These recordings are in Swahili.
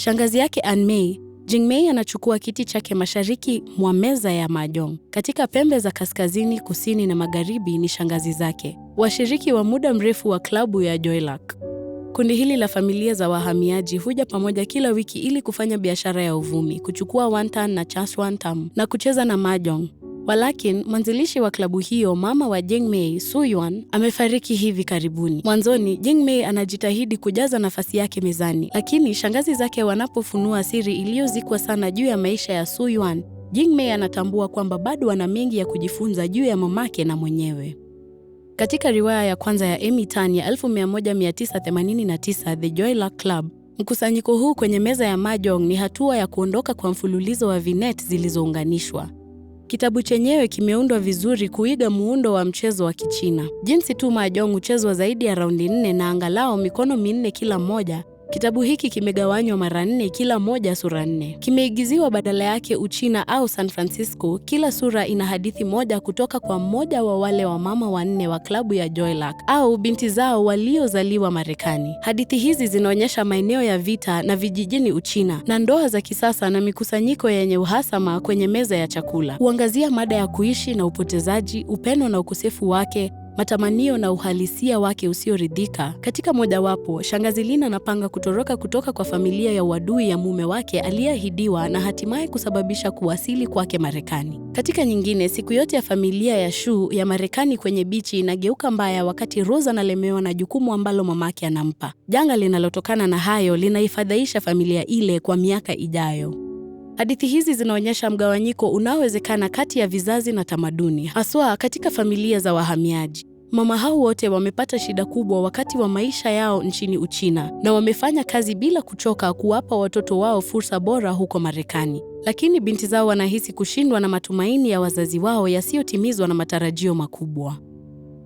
Shangazi yake Anmei, Jingmei anachukua kiti chake mashariki mwa meza ya mahjong. Katika pembe za kaskazini, kusini na magharibi ni shangazi zake, washiriki wa muda mrefu wa klabu ya Joylak. Kundi hili la familia za wahamiaji huja pamoja kila wiki ili kufanya biashara ya uvumi, kuchukua wantan na chaswantam na kucheza na mahjong. Walakin mwanzilishi wa klabu hiyo mama wa Jengmei, Suyuan, amefariki hivi karibuni. Mwanzoni Jengmei anajitahidi kujaza nafasi yake mezani, lakini shangazi zake wanapofunua siri iliyozikwa sana juu ya maisha ya Suyuan, Jingmei anatambua kwamba bado ana mengi ya kujifunza juu ya mamake na mwenyewe. Katika riwaya ya kwanza ya Amy Tan ya 1989 The Joy Luck Club, mkusanyiko huu kwenye meza ya mahjong ni hatua ya kuondoka kwa mfululizo wa vinet zilizounganishwa. Kitabu chenyewe kimeundwa vizuri kuiga muundo wa mchezo wa Kichina, jinsi tu mahjong huchezwa zaidi ya raundi nne na angalau mikono minne kila mmoja Kitabu hiki kimegawanywa mara nne, kila moja sura nne. Kimeigiziwa badala yake Uchina au San Francisco. Kila sura ina hadithi moja kutoka kwa mmoja wa wale wamama wanne wa klabu ya Joy Luck au binti zao waliozaliwa Marekani. Hadithi hizi zinaonyesha maeneo ya vita na vijijini Uchina na ndoa za kisasa na mikusanyiko yenye uhasama kwenye meza ya chakula. Huangazia mada ya kuishi na upotezaji, upendo na ukosefu wake, matamanio na uhalisia wake usioridhika. Katika mojawapo, shangazi Lina anapanga kutoroka kutoka kwa familia ya uadui ya mume wake aliyeahidiwa na hatimaye kusababisha kuwasili kwake Marekani. Katika nyingine, siku yote ya familia ya Shu ya Marekani kwenye bichi inageuka mbaya wakati Rose analemewa na jukumu ambalo mamake anampa. Janga linalotokana na hayo linaifadhaisha familia ile kwa miaka ijayo. Hadithi hizi zinaonyesha mgawanyiko unaowezekana kati ya vizazi na tamaduni, haswa katika familia za wahamiaji. Mama hao wote wamepata shida kubwa wakati wa maisha yao nchini Uchina na wamefanya kazi bila kuchoka kuwapa watoto wao fursa bora huko Marekani. Lakini binti zao wanahisi kushindwa na matumaini ya wazazi wao yasiyotimizwa na matarajio makubwa.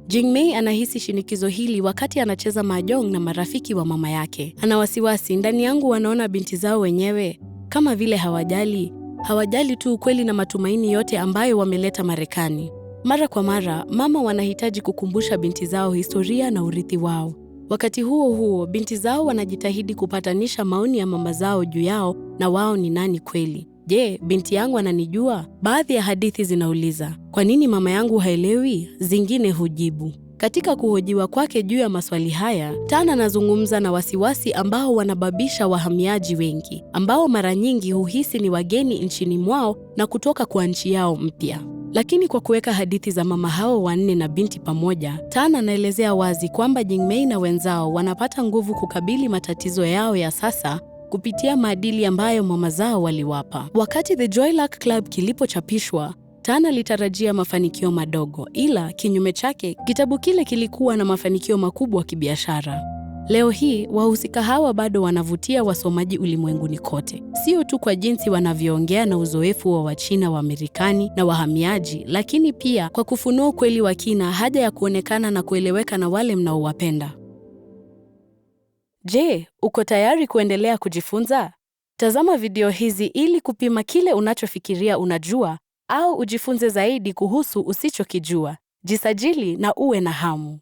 Jingmei anahisi shinikizo hili wakati anacheza mahjong na marafiki wa mama yake. Ana wasiwasi, ndani yangu wanaona binti zao wenyewe kama vile hawajali hawajali tu ukweli na matumaini yote ambayo wameleta Marekani. Mara kwa mara mama wanahitaji kukumbusha binti zao historia na urithi wao. Wakati huo huo, binti zao wanajitahidi kupatanisha maoni ya mama zao juu yao na wao ni nani kweli. Je, binti yangu ananijua? Baadhi ya hadithi zinauliza, kwa nini mama yangu haelewi? Zingine hujibu katika kuhojiwa kwake juu ya maswali haya, Tan anazungumza na wasiwasi ambao wanababisha wahamiaji wengi ambao mara nyingi huhisi ni wageni nchini mwao na kutoka kwa nchi yao mpya. Lakini kwa kuweka hadithi za mama hao wanne na binti pamoja, Tan anaelezea wazi kwamba Jingmei na wenzao wanapata nguvu kukabili matatizo yao ya sasa kupitia maadili ambayo mama zao waliwapa. Wakati The Joy Luck Club kilipochapishwa, Tana alitarajia mafanikio madogo, ila kinyume chake, kitabu kile kilikuwa na mafanikio makubwa kibiashara. Leo hii wahusika hawa bado wanavutia wasomaji ulimwenguni kote, sio tu kwa jinsi wanavyoongea na uzoefu wa Wachina wa Amerikani na wahamiaji, lakini pia kwa kufunua ukweli wa kina, haja ya kuonekana na kueleweka na wale mnaowapenda. Je, uko tayari kuendelea kujifunza? Tazama video hizi ili kupima kile unachofikiria unajua au ujifunze zaidi kuhusu usichokijua. Jisajili na uwe na hamu.